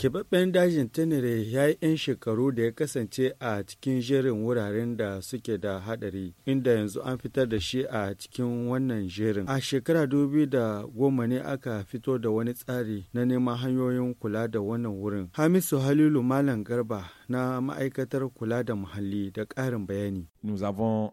Keɓaɓɓen dajin Tenere ya yi 'yan shekaru da ya kasance a cikin jerin wuraren da suke da haɗari, inda yanzu an fitar da shi a cikin wannan jerin. A shekara dubi da goma ne aka fito da wani tsari na neman hanyoyin kula da wannan wurin. Hamisu Halilu Malam Garba na ma'aikatar kula da muhalli da ƙarin bayani. Nous avons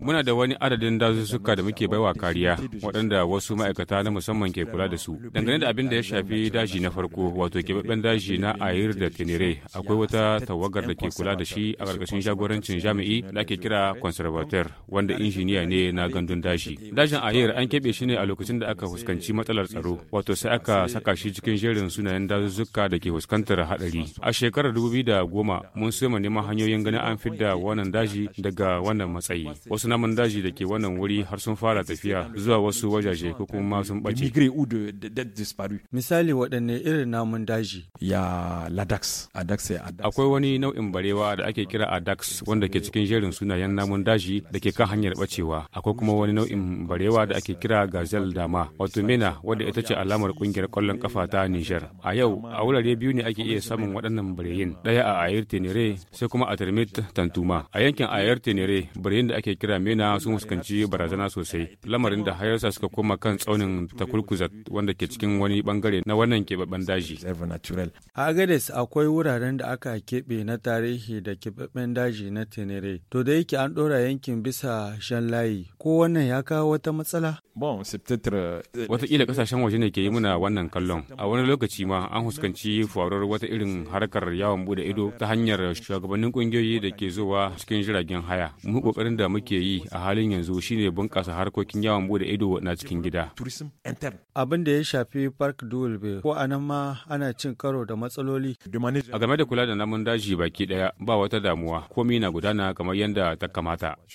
Muna da wani adadin dazuzzuka da muke baiwa kariya waɗanda wasu ma'aikata na musamman ke kula da su. Dangane da abin da ya shafi daji na farko wato keɓaɓɓen daji na Ayir da Tenere akwai wata tawagar da ke kula da shi a ƙarƙashin jagorancin jami'i da ake kira conservateur wanda injiniya ne na gandun daji. Dajin Ayir an keɓe shi ne a lokacin da aka fuskanci matsalar tsaro wato sai aka saka shi cikin jerin sunayen dazuzzuka da ke fuskantar haɗari. A shekarar shekarar goma mun mu neman hanyoyin ganin an fidda wannan daji daga wannan matsayi. Wasu namun daji da ke wannan wuri har sun fara tafiya zuwa wasu wajaje ko kuma sun ɓace. Misali waɗanne irin namun daji? Ya ladax. Akwai wani nau'in barewa da ake kira adax wanda ke cikin jerin sunayen namun daji da ke kan hanyar bacewa Akwai kuma wani nau'in barewa da ake kira gazel dama wato mena wanda ita ce alamar kungiyar kwallon kafa ta Nijar. A yau a wurare biyu ne ake iya samun waɗannan bare. Birhin, ɗaya a Ayir Tenere sai kuma a Termit Tantuma. A yankin Ayir Tenere, Birhin da ake kira Mena sun fuskanci barazana sosai, lamarin da hayarsa suka koma kan tsaunin Takulkuzat wanda ke cikin wani bangare na wannan keɓaɓɓen daji. A Agades akwai wuraren da aka keɓe na tarihi da keɓaɓɓen daji na Tenere. To da yake an ɗora yankin bisa shan layi, ko wannan ya kawo wata matsala? Euh, Wataƙila ƙasashen waje ne ke yi muna wannan kallon. A wani lokaci ma an fuskanci faruwar wata irin harkar ya yawon bude ido ta hanyar shugabannin kungiyoyi da ke zuwa cikin jiragen haya mu kokarin da muke yi a halin yanzu shine bunƙasa harkokin yawon bude ido na cikin gida abin da ya shafi park ba ko anan ma ana cin karo da matsaloli a game da kula da namun daji baki daya ba wata damuwa komai na gudana kamar yadda ta kamata